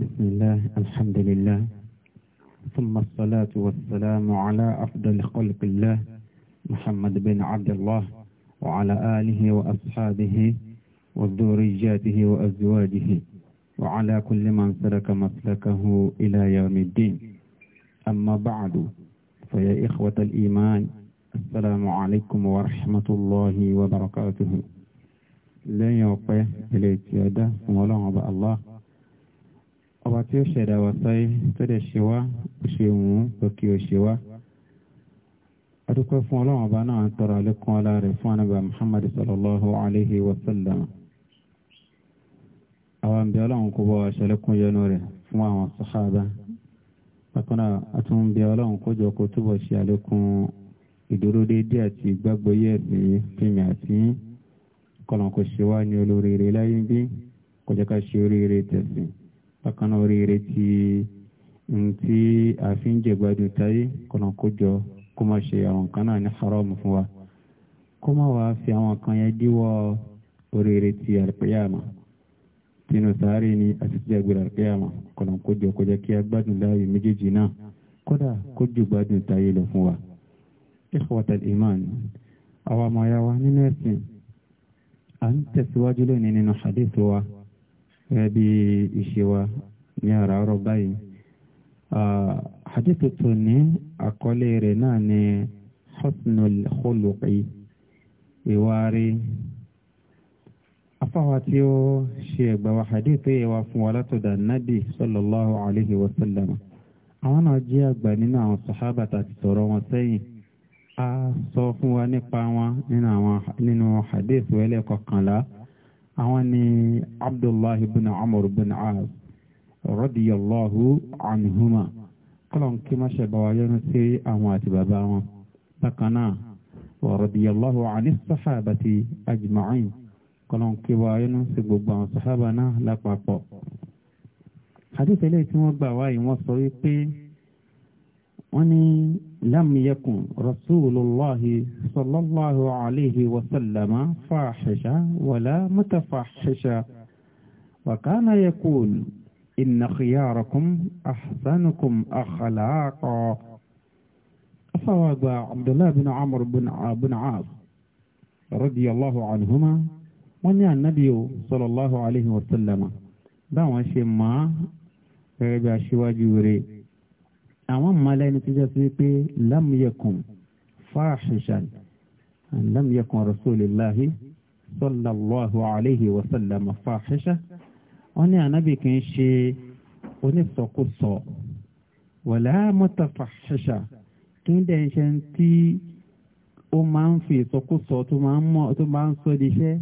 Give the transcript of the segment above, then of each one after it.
بسم الله الحمد لله ثم الصلاة والسلام على أفضل خلق الله محمد بن عبد الله وعلى آله وأصحابه وذرياته وأزواجه وعلى كل من سلك مسلكه إلى يوم الدين أما بعد فيا إخوة الإيمان السلام عليكم ورحمة الله وبركاته لا يوقع إليك يده ولا الله ọba tí ó ṣẹ̀dá wà sáyé tó dẹ̀ ṣe wá ó ṣe wù ú lókè ó ṣe wá adúpẹ́ fún ọlọ́run ọba náà ń tọrọ àlékún ọlá rẹ̀ fún anábà muhammad sallallahu alayhi wa sallam àwọn àmì ọlọ́run kó bọ́ aṣàlékún yẹnu rẹ̀ fún àwọn sàhábà bákan náà àtúnbí ọlọ́run kó jọ kó túbọ̀ ṣe àlékún ìdúró déédéé àti ìgbàgbọ́ yẹ̀ sí fíìmì àti kọlọ̀kọ̀ ṣe wá ní olóríire láyé bí kọjá ká ṣe oríire tẹ̀sìn bákan náà oríire ti ntí àfi ń jẹgbádùn táyé kọ̀nà kó jọ kó má ṣe àwọn nǹkan náà ní haram fún wa kó má wàá fi àwọn kan yẹn díwọ́ oríire ti àlùkìyàmà tinu sáré ni àti tí àgbèrè àlùkìyàmà kọ̀nà kó jọ kó jẹ́ kí a gbádùn láàyè méjèèjì náà kódà kó jù gbádùn táyé lọ fún wa. ikhwatal iman àwa ọmọ ya nínú ẹ̀sìn à ń tẹ̀síwájú lónìí nínú hadith wa gẹ́gẹ́ bí ìṣe wa ní àràárọ̀ báyìí. Hadithu tòní àkọlé rẹ̀ náà ni Husnul Khuluqi ìwárí. Afáwa tí ó ṣe ẹ̀gbà wa hadithu yẹ wa fún wa látọ̀dà Nábì sallallahu alayhi wa sallam. Àwọn náà jẹ́ àgbà nínú àwọn sàhábà tàbí sọ̀rọ̀ wọn sẹ́yìn. A sọ fún wa nípa wọn nínú hadithu ẹlẹ́kọ̀ọ́kànlá àwọn ni abdullahi bin amr bin aas radiyallahu anhuma kọ́lọ̀ kí má ṣe bá wa yọ́nú sí àwọn àti bàbá wọn bákan náà wa radiyallahu ani sahabati ajma'in kọ́lọ̀ kí wa yọ́nú sí gbogbo àwọn sahaba náà lápapọ̀. hadith eléyìí tí wọ́n gbà wáyé wọ́n sọ wípé. وني لم يكن رسول الله صلى الله عليه وسلم فاحشا ولا متفحشا وكان يقول إن خياركم أحسنكم أخلاقا فواد عبد الله بن عمر بن بن عاص رضي الله عنهما ونيا النبي صلى الله عليه وسلم دعوة شما غيبا شواجوري àwọn mọ̀lẹ́ni ti jẹ́ sí pé lam yakun fahishan lam yakun rasulillahi sallallahu alayhi wa sallam fahisha wọ́n ní ànábì kì í ṣe onísọkúsọ wala mutafahisha kí ń dẹ̀ ṣe tí ó máa ń fi ìsọkúsọ tó máa ń sọ di iṣẹ́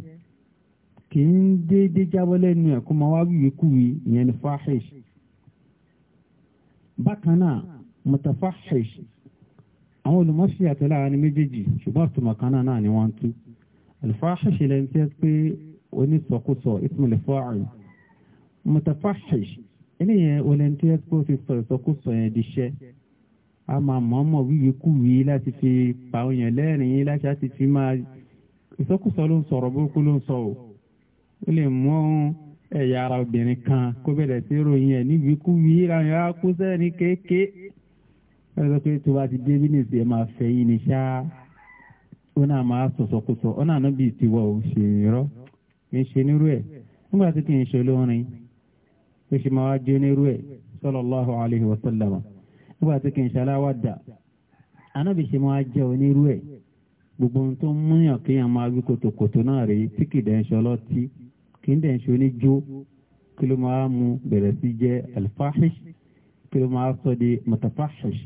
kì í déédéé jábọ́ lẹ́nu ẹ̀ máa wá wíwíkúwí ìyẹn ni fahish bákan náà mutafahish àwọn olùmọ́sí àtẹ́lára ní méjèèjì ṣùgbọ́n àtùmọ̀ kan náà ni wọ́n ń tú alfahish lẹ́yìn tí ẹ pé onísọkúsọ ismail fa'il mutafahish eléyẹn olẹ́yìn tí ẹ pé ó ti sọ ìsọkúsọ yẹn di iṣẹ́ a máa mọ̀ọ́mọ̀ wíwí kú wí láti fi pa òyìn lẹ́rìn-ín láti fi máa ìsọkúsọ ló ń sọ̀rọ̀ burúkú ẹ̀yà ara obìnrin kan kó bẹ̀rẹ̀ sí ròyìn ẹ̀ níbi kú wí ìrànlẹ́ akúṣẹ́ ní kéèké wọ́n sọ pé tó bá ti dé bínú ìsìn ẹ̀ máa fẹ́ yín ni ṣá ó náà máa sọ̀sọ̀kúsọ ó náà níbi ìtiwọ̀ ò ṣe irọ́ kì í ṣe nírú ẹ̀ nígbà tí kì í ṣe olórin ó ṣe máa wá jó nírú ẹ̀ sallallahu alaihi wa sallam nígbà tí kì í ṣe aláwàdà anábì ṣe máa jẹ́ onírú ẹ̀ gbogbo ohun tó ń múyàn kéèyàn máa wí kòtòkòtò náà rèé tí kì í dẹ́ ń ṣọlọ́tí kì í dẹ̀ ṣe oníjó kí ló máa mú bẹ̀rẹ̀ sí jẹ́ alfahish kí ló máa sọ di matafahish.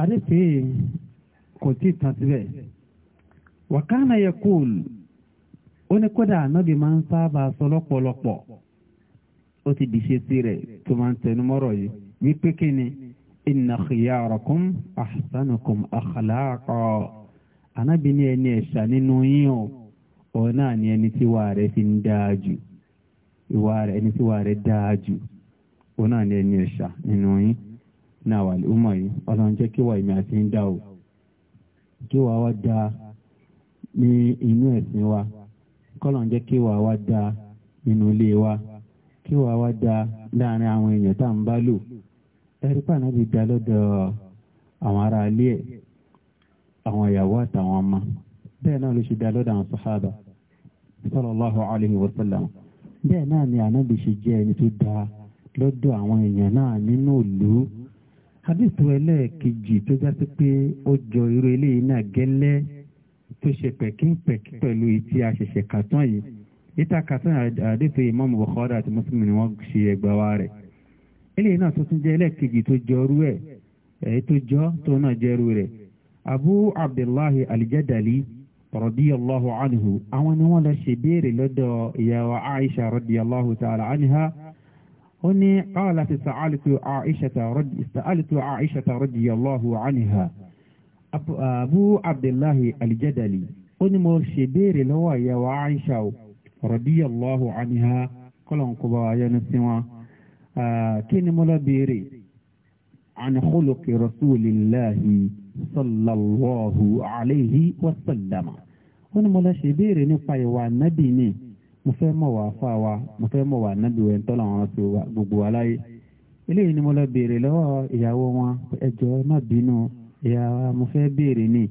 àdéfé kò tí ì tán síbẹ̀ wàkánà yẹ kóòlù ó ní kódà ànábì máa ń sábà sọ lọ́pọ̀lọpọ̀ ó ti dìṣe sí rẹ̀ tó máa ń tẹnu mọ́rọ̀ yìí wípé kí ni inna khiyarakum ahsanukum akhlaqa ànábì ní ẹni ẹ̀ṣà nínú yín o òun náà ni ẹni tí wà rẹ̀ fi ń dáa jù ìwà rẹ̀ ẹni tí wà rẹ̀ dáa jù òun náà ni ẹni ẹ̀ṣà nínú yín náà wà lómọ̀ yìí ọlọ́run jẹ́ kí wà ìmì àti ń dá o kí wà wá dá ní inú ẹ̀sìn wa kọ́lọ́run jẹ́ kí wà wá dá nínú ilé wa kí wà wá dá láàrin àwọn èèyàn tá à ń bá lò ẹ̀rí pàánà bí dá lọ́dọ̀ àwọn ará ẹ̀ àwọn ìyàwó àtàwọn ọmọ bẹ́ẹ̀ náà ló ṣe dá lọ́dọ̀ àwọn sàhábà sallallahu alayhi wa sallam bẹ́ẹ̀ náà ni ànábì ṣe jẹ́ ẹni tó dáa lọ́dọ̀ àwọn èèyàn náà nínú òlú hadithu ẹlẹ́ẹ̀kejì tó já sí pé ó jọ irú eléyìí náà gẹ́lẹ́ tó ṣe pẹ̀kínpẹ̀kí pẹ̀lú ìtí àṣẹ̀ṣẹ̀ kàtán yìí ìta kàtán hadithu Imam Bukhari àti Muslim ni wọ́n ṣe ẹgbà wa rẹ̀ eléyìí náà tó tún jẹ́ ẹlẹ́ẹ̀kejì tó jọ rú ẹ̀ tó jọ tó náà jẹ́rú rẹ̀ Abu Abdullahi al radiyallahu anhu àwọn ni wọ́n lọ ṣe béèrè lọ́dọ̀ ìyàwó Aisha radiyallahu ta'ala anha ó ní qala fi sa'altu Aisha radiyallahu anha abu abdullahi aljadali ó ní mo ṣe béèrè lọ́wọ́ ìyàwó Aisha radiyallahu anha kọ́lọ̀nkọba ayọ́nu sí wọn ah, kí ni mo lọ béèrè an khuluqi rasulillahi sallallahu alayhi wa sallam ó ní mo lọ ṣe ìbéèrè nípa ìwà nábì ni mo fẹ́ mọ̀ wá fa wa mo fẹ́ mọ̀ wá nábì wẹ̀ ń tọ́lọ̀ wọn sí gbogbo wa láyé eléyìí ni mo lọ béèrè lọ́wọ́ ìyàwó wọn ẹ má bínú ìyá mo fẹ́ béèrè ni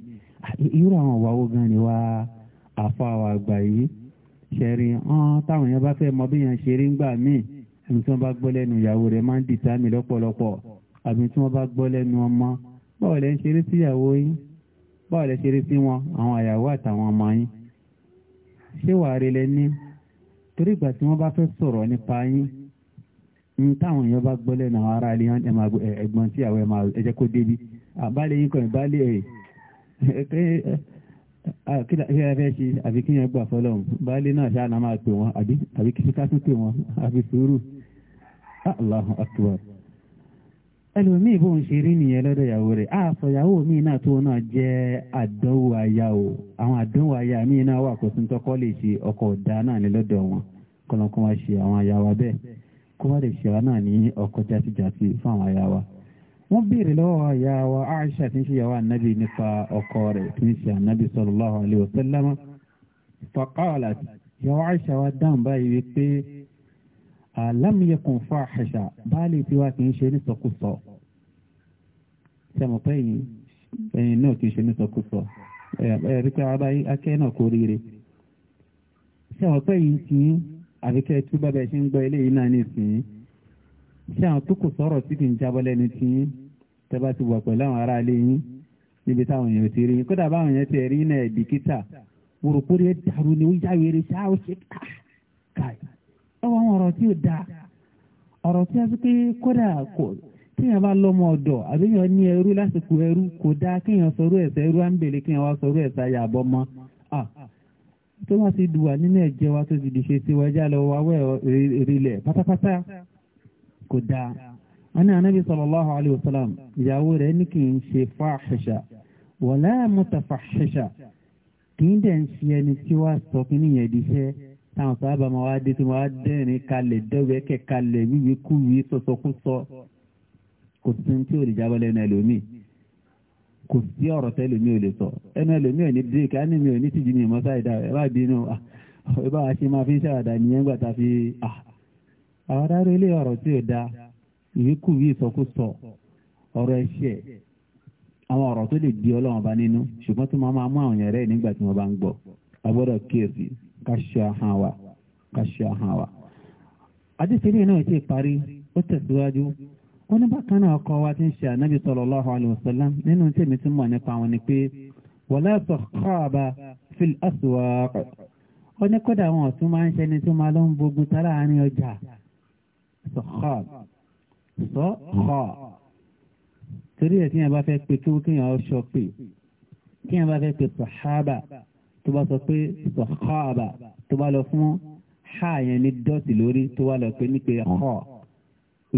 irú àwọn ìwàwó gan ni wá àfa wa àgbà yìí ṣẹ̀rí hàn táwọn yẹn bá fẹ́ mọ bí yẹn ṣe rí ńgbà míì ẹni tí wọ́n bá gbọ́ lẹ́nu ìyàwó rẹ̀ máa ń dìtà mí lọ́pọ̀lọpọ̀ àbí tí wọ́n bá gbọ́ lẹ́nu ọmọ báwo lẹ ń ṣeré síyàwó yín báwo lẹ ṣeré sí wọn àwọn àyàwó àtàwọn ọmọ yín ṣé wàá rí lẹ ní torí ìgbà tí wọ́n bá fẹ́ sọ̀rọ̀ nípa yín ń táwọn èèyàn bá gbọ́ lẹ́nu àwọn ará ilé yẹn ẹ máa ẹ̀gbọ́n tí àwọn ẹ jẹ́ kó débi àbálẹ̀ yín kan ìbálẹ̀ ẹ̀ pé kí ẹ fẹ́ ṣe àbí kí yẹn gbà fọlọ́ baálé náà ṣáà náà máa pè wọ́n àbí kí ká tún pè wọ́n àbí sùúrù Allahu akbar ẹlòmíì bóun ṣe rí nìyẹn lọ́dọ̀ ìyàwó rẹ̀ àfọ̀ ìyàwó mi náà tó náà jẹ́ àdánwò aya o àwọn àdánwò aya mi náà wà kó tún tọ́kọ́ lè ṣe ọkọ ọ̀dà náà ní lọ́dọ̀ wọn kọ́lọ́n kó wá ṣe àwọn aya wa bẹ́ẹ̀ kó wá lè ṣe wa náà ní ọkọ jásíjásí fún àwọn aya wa. wọ́n béèrè lọ́wọ́ aya wa Aisha tí ń ṣe ìyàwó anabi nípa ọkọ rẹ̀ tí ń ṣe anabi sallallahu àlámìyẹkùn fún àṣà baálé tiwa kì í ṣe nísọkúsọ sẹ́mọ̀pẹ́ yìí ẹ̀yìn náà kì í ṣe nísọkúsọ ẹ̀rí pé abáyé akẹ́ náà kò ríire sẹ́mọ̀pẹ́ yìí kì í àbíkẹ́ tú bàbá ẹ̀ ṣe ń gbọ́ eléyìí náà nìsín sẹ́wọ̀n tó kò sọ̀rọ̀ tí kì í jábọ́ lẹ́nu tí tẹ́bá ti wà pẹ̀lú àwọn ará ilé yín níbi táwọn èèyàn ti rí yín kódà báwọn èèyàn ti rí náà bìkítà wòròkórí ẹ̀ dàrú ni ó yá wèrè ṣáà ó ṣe káà káà ẹwọ àwọn ọ̀rọ̀ tí ò da ọ̀rọ̀ tí a ti pé kódà kò tíyàn bá lọ́mọ ọ̀dọ̀ àbíyàn ní ẹrú lásìkò ẹrú kò dáa kéèyàn sọ̀rọ̀ ẹ̀sẹ̀ ẹrú áńbèlè kéèyàn wá sọ̀rọ̀ ẹ̀sẹ̀ ayé àbọ̀mọ́ tó wá ti dùwà nínú ẹ̀jẹ̀ wa tó ti dìṣe sí wa ẹjá lọ wá wẹ̀ rílẹ̀ pátápátá kò dáa wọn ní anábì sallallahu alayhi wa sallam ìyàwó rẹ̀ ní kì í ṣe fáṣẹṣà wala mutafahhisha kì í dẹ̀ ń ṣe ẹni tí wàá sọ kí nìyẹn di iṣẹ́ táwọn sábà máa wá dé tí wọ́n á dẹ́rìn kalẹ̀ dẹ́wẹ́kẹ̀ kalẹ̀ wíwí kúwí sọsọkúsọ kò sí tí ò lè jábọ́ lẹ́nu ẹlòmíì kò sí ọ̀rọ̀ tẹ́ ẹlòmíì ò lè sọ ẹnu ẹlòmíì ò ní bírèkì á ní mi ò ní tìjú mi ìmọ̀sá ìdá ẹ bá bínú ẹ bá ṣe máa fi ń ṣàwàdà nìyẹn gbà tá a fi àwọn adáró ilé ọ̀rọ̀ tí ò da ìwé kúwí ìsọkúsọ ọ̀rọ̀ ẹ̀ṣẹ̀ àwọn ọ̀rọ̀ tó lè di Ọlọ́run bá nínú ṣùgbọ́n tó máa máa mú àwọn yẹn rẹ̀ nígbà tí wọ́n bá ń gbọ́ a kíyèsí ká ṣe ahọ́n wa ká ṣe ahọ́n wa. àdìsílẹ̀ náà ti parí ó tẹ̀síwájú ó ní bákan náà ọkọ wa ti ń ṣe ànábì sallallahu alaihi wasallam nínú tèmi tí mọ̀ nípa wọn ni pé wala sakhaba fil aswaq ó ní kódà wọn ọ̀tún máa ń ṣẹni tó máa lọ ń gbógun tá láàrin ọjà sọ̀kọ́b sọ̀kọ́ torí ẹ̀ tí yẹn bá fẹ́ pe kí wọ́n kéèyàn ọ̀ṣọ́ pè kí yẹn bá fẹ́ pe sọ̀hábà tó bá sọ pé sọ̀kọ́ọ̀bà tó bá lọ fún ha yẹn ní dọ́ọ̀tì lórí tó wá lọ pé nípe ọ̀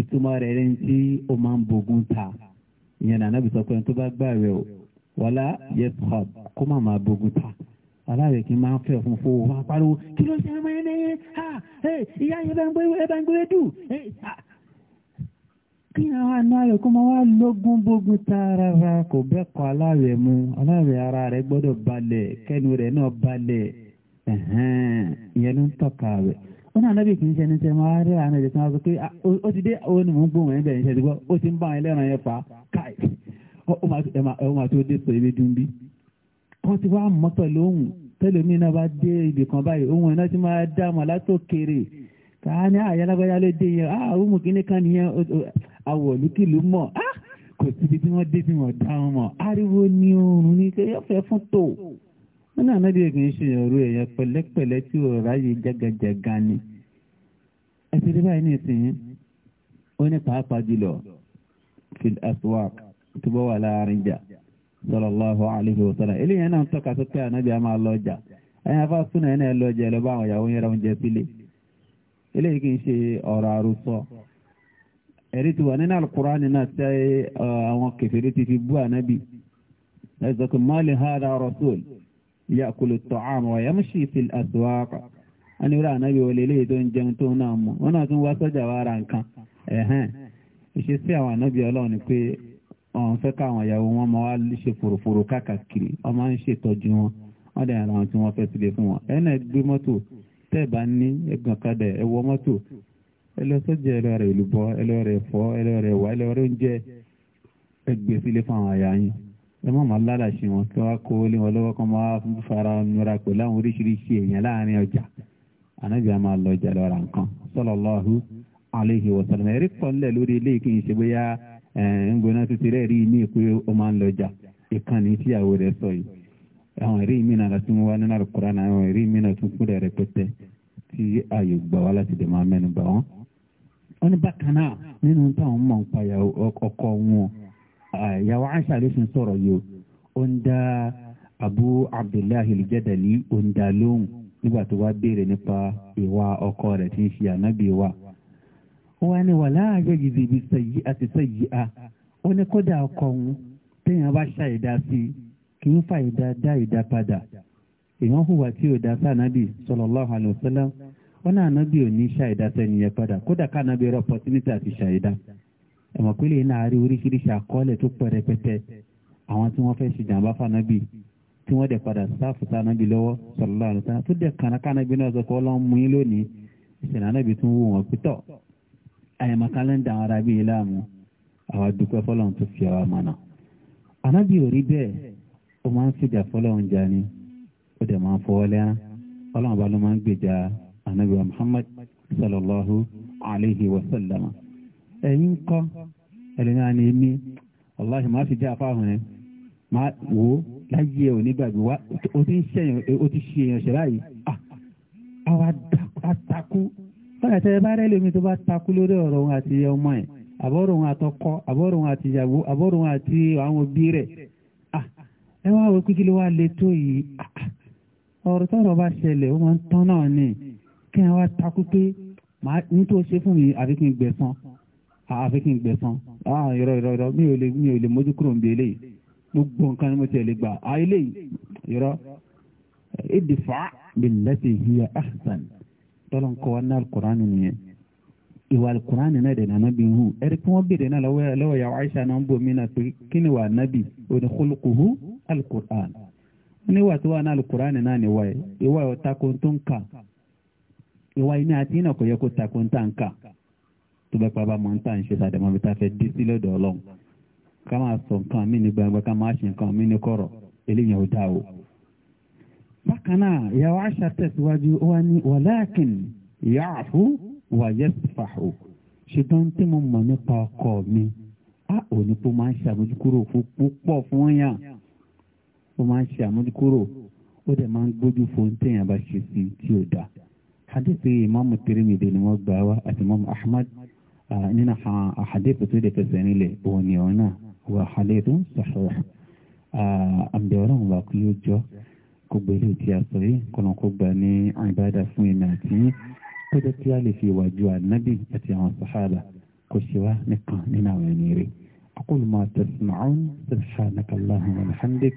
ìtumọ̀ rẹ̀ rẹ̀ ń tí ó máa ń bogun ta ìyẹn nànà bí sọ pé tó bá gbà rẹ̀ o wàlá yes hub kó má máa bogun ta aláàrẹ̀ kí n máa ń fún fún wa pariwo kí ló ṣe ọmọ yẹn lẹ́yìn ha ìyá yẹn bá ń gbé dùn kí àwọn aláàrẹ̀ kó máa wá lógún bógún tààràrà kò bẹ́kọ̀ aláàrẹ̀ mú aláàrẹ̀ ara rẹ̀ gbọ́dọ̀ balẹ̀ kẹ́nu rẹ̀ náà balẹ̀ ìyẹn ló ń tọ́ka rẹ̀ ó náà lábì kì í ṣe ẹni tẹ́ máa rí ni ah, mò ń gbóhùn ó ti ń bá ẹlẹ́ran yẹn fà káì ó máa tó dé dùn bí wọ́n ti wá mọ́ pẹ̀lú ohun náà bá dé ibì kan báyìí ohun ẹ̀ náà ti máa àwọ̀ olúkìlú mọ̀ kò síbi tí wọ́n dé tí wọ́n dá wọn mọ̀ ariwo ni oòrùn ní kẹ́yọ́ fẹ́ fún tó wọn náà nábìyẹ kì í ṣe ọ̀rọ̀ ẹ̀yẹ pẹ̀lẹ́pẹ̀lẹ́ tí ò ráyè jágajàga ni ẹ ti rí báyìí ní ìsìn ó ní pàápàá jùlọ fil aswaq tó bọ́ wà láàrin jà sallallahu alaihi wa sallam eléyìí náà ń tọ́ka sí pé ànábì a máa lọ ọjà súnà ẹ̀ náà lọ ọjà ẹ àwọn ìyàwó yẹn ra oúnjẹ sílé eléyìí kì í ṣe ọ̀rọ̀ àròsọ ẹ̀rí ti wà nínú alukur'ani náà àwọn kẹfẹ́rẹ́ ti fi bú anabi ẹ̀sọ́ kò má ya hàdà rasul yakulu ta'am fil aswaq wọ́n ní anabi ànábì wọlé eléyìí tó ń jẹun tó ń náà mú wọ́n náà tún wá sọ́jà nǹkan ẹ̀hẹ́n àwọn pé ọ̀n fẹ́ ìyàwó wọn wá ṣe fòròfòrò káàkiri ń wọn wọ́n ẹlọ sọjà ẹlọ rẹ ìlúbọ ẹlọ rẹ ẹfọ ẹlọ rẹ ẹwà ẹlọ rẹ oúnjẹ ẹgbẹ sílé fáwọn àyà yín ẹ má má lálàsì wọn kí wọn kó lé wọn lọ́wọ́ kó máa fara nura pẹ̀lú àwọn oríṣiríṣi èèyàn láàrin ọjà ànábì máa lọ ọjà lọ ra nǹkan sallallahu alaihi wasallam ẹrí kọlẹ lórí ilé kí n ṣe bóyá ń gbóná títí rẹ rí ní ìpè ó máa ń lọ ọjà ìkànnì tíyàwó rẹ sọ yìí àwọn ẹrí mi náà tún wá nínú àlùkùránì àwọn ẹrí mi náà tún kúrẹ rẹpẹtẹ tí ààyè gbà wá láti dè máa mẹ́nu bà wọn wọ́n ní bákan náà nínú táwọn mọ̀ ń pa ọkọ wọn ìyàwó aṣa ló sùn sọ̀rọ̀ yìí ó ń dá abu abdullahi al-jadali ó ń dá lóhùn nígbà tó wá béèrè nípa ìwà ọkọ rẹ̀ tí ń ṣe ànábì wa. wọ́n ní wàhálà ayẹyẹ ibi sẹ́yìí àti sẹ́yìí a ó ní kódà ọkọ òun téèyàn bá ṣàìdá sí i kì í fa ìdá dá ìdá padà èèyàn hùwà tí ò dá sànábì sallallahu alaihi wasallam ó náà nábì ò ní ṣàìdá sẹ́ni yẹn padà kódà ká nábì rẹ opportunity àti ṣàìdá ẹ̀mọ̀ pé lè náà rí oríṣiríṣi àkọọ́lẹ̀ tó pẹ́ rẹpẹtẹ àwọn tí wọ́n fẹ́ ṣe jàǹbá fànábì tí wọ́n dẹ̀ padà sáàfù sánábì lọ́wọ́ sallallahu alaihi wasallam tó dẹ̀ kànákànábì náà sọ̀kọ́ ọlọ́run mú yín lónìí ìṣẹ̀lẹ̀ anábì tún wù wọ́n pítọ̀ àyẹ̀mọ̀ kálẹ́ndà àwọn arábì yìí láàmú àwọn adúpẹ́ fọlọ́run tó fi àwa mọ̀nà. anábì ò rí bẹ́ẹ̀ ó máa ń fìjà fọlọ́run jà ni ó dẹ̀ máa ń fọwọ́ lẹ́rán ọlọ́run ló máa ń gbèjà anabi muhammad sallallahu alayhi wa sallam ẹ̀yin kọ́ ẹlẹ́nà ni mi wàláhì máa fi jẹ́ afáhùn ẹ̀ máa wò ó láyé ò nígbàgbé wá o ti ń ṣèyàn o ti ṣe èèyàn ṣe báyìí àwa ah, takú fúnra tẹ bá rẹ lómi tó bá takú lórí ọ̀rọ̀ òun àti ọmọ ẹ̀ àbọ̀rọ̀ òun àtọkọ àbọ̀rọ̀ òun àti ìyàwó àbọ̀rọ̀ òun àti àwọn òbí rẹ̀ ah, ẹ wá wo kíkí ló wá le tó yìí ah, ọ̀rọ̀ tọ́rọ̀ bá ṣẹlẹ̀ ó máa ń tán náà ni kí wọn wá takú pé màá nítorí ṣe fún mi àfi kí n gbẹ̀san àfi kí n gbẹ̀san ah irọ́ irọ́ irọ́ mi ò lè mi ò lè mójú kúrò ń bí eléyìí gbogbo nǹkan ni mo ti lè gbà á eléyìí irọ́ ìdìfà billati hiya ahsan tọ́lọ̀ ń kọ́ wa náà kúránì nìyẹn ìwà alukurani náà dẹ̀ nànà bí hu ẹ̀rí kí wọ́n bèrè náà lọ́wọ́ yàwó Aisha náà ń bò mí náà pé kí ni wà nábì òní kulukuhu alukurani níwà tó wà náà alukurani náà níwà yìí ìwà yóò ta tó ń kà ìwà iná àti iná kò yẹ kó takò ń tà ń kà tó bá pàbá mọ́ ń tà ń ṣe sàdẹ̀mọ́ bí tá a fẹ́ dé sí lọ́dọ̀ ọlọ́run ká máa sọ nǹkan mí ní gbangba ká máa ṣe nǹkan mí ní kọ̀rọ̀ eléyìí ò dáa o. bákan náà ìyàwó àṣà tẹ̀síwájú ó wá ní wàláàkìn ya'fu wa yasfahu ṣùgbọ́n tí mo mọ̀ nípa ọkọ mi á ò ní kó máa ń ṣàmójúkúrò púpọ̀ fún yàn ó máa ń ṣàmójúkúrò ó dẹ̀ máa ń gbójú fún téèyàn bá ṣe sí tí ò dáa hadithi imaamu tirimidi ni wọ́n gbà wá àti imaamu ahmad nínú hadithi tó lè fẹsẹ̀ nílẹ̀ òun ni òun náà wà hadithi sahih àmì ọ̀rọ̀ wọn kí yóò jọ kó gbélé tí a sọ yìí kọ́nà kó gbà ní àìbáda fún ìmọ̀ àti yín kó jẹ́ kí a lè fi ìwà ju ànábì àti àwọn sàhábà kó ṣe wá nìkan nínú àwọn ẹni rẹ̀. أقول ما تسمعون سبحانك اللهم وبحمدك